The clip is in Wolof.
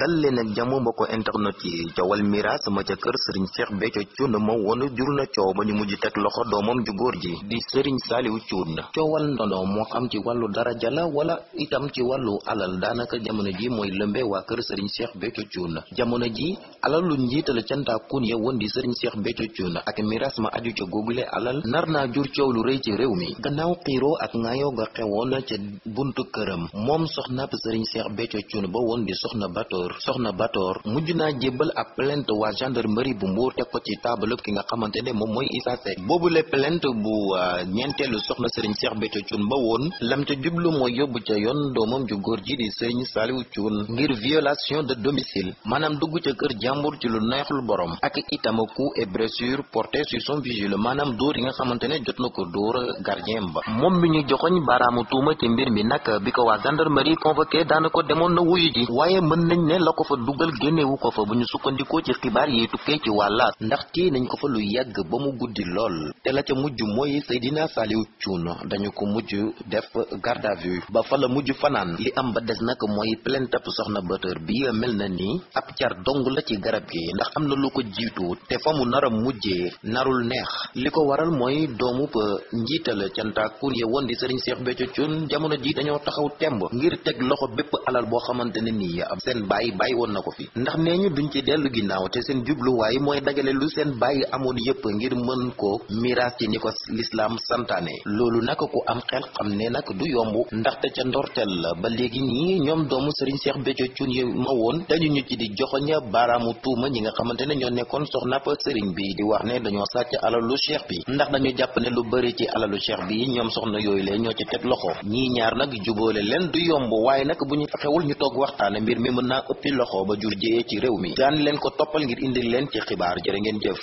dal leen ak jàmm mbokk internet yi wal miraas ma ca kër sëriñ Cheikh Béthio Thioune ma woon jur na coow ba ñu mujj teg loxo doomam ju góor ji di sëriñ Saliou Thioune coowal ndono moo xam ci wàllu dara la wala itam ci wàllu alal daanaka jamono ji mooy lëmbe waa kër sëriñ Cheikh Béthio Thioune jamono ji alalu njiital cantaakun ya woon di sëriñ Cheikh Béthio Thioune ak miraas ma aju ca googule alal nar naa jur coow lu rëy ci réew mi gannaaw xiiroo ak ngaayoo ga xewoon ca buntu këram moom soxnaab sëriñ seex Béthio Thioune ba woon Mbour soxna Bator mujj naa jébbal ab plainte waa gendarmerie bu Mbour teg ko ci taabalub ki nga xamante ne moom mooy Issa Seck boobule plainte bu euh, ñeenteelu soxna Serigne seex Béthio Thioune ba woon lam ca jublu mooy yóbbu ca yoon doomam ju góor ji di Serigne Saliou Thioune ngir violation de domicile maanaam dugg ca kër jàmbur ci lu neexul borom ak itam coup et blessure porté sur son vigile maanaam dóor yi nga xamante ne jot na ko dóor gardien ba moom mi ñu jox baaraamu tuuma mbir mi nag bi ko waa gendarmerie convoqué ne la ko fa dugal génnewu ko fa bu ñu sukkandikoo ci xibaar yi tukkee ci wàllaat ndax téye nañ ko fa lu yàgg ba mu guddi lool te la ca mujj mooy Seydina Saliou Thioune dañu ko mujj def garde à vue ba fa la mujj fanaan li am ba des nag mooy plainte ab soxna bëtër bi mel na ni ab car dong la ci garab gi ndax am na lu ko jiitu te fa mu nar mujjee narul neex li ko waral mooy doomu ba njiital cantaakun ya woon di Serigne Cheikh Béthio Thioune jamono ji dañoo taxaw temb ngir teg bàyyi bàyyi woon na ko fi ndax nee ñu duñ ci dellu ginnaaw te seen jubluwaay mooy dajale lu seen bàyyi amoon yépp ngir mën ko miraas ci ni ko lislaam santaane loolu nag ku am xel xam ne nag du yomb ndaxte ca ndorteel la ba léegi nii ñoom doomu sëriñ seex Béthio Thioune yi ma woon dañu ñu ci di joxoña baaraamu tuuma ñi nga xamante ne ñoo nekkoon soxnapp sëriñ bi di wax ne dañoo sàcc alalu cheikh bi ndax dañu jàpp ne lu bari ci alalu cheikh bi ñoom soxna yooyu lee ñoo ci teg loxo ëppi loxo ba jur jéyee ci réew mi daan leen ko toppal ngir indil leen ci xibaar jërë ngeen jëf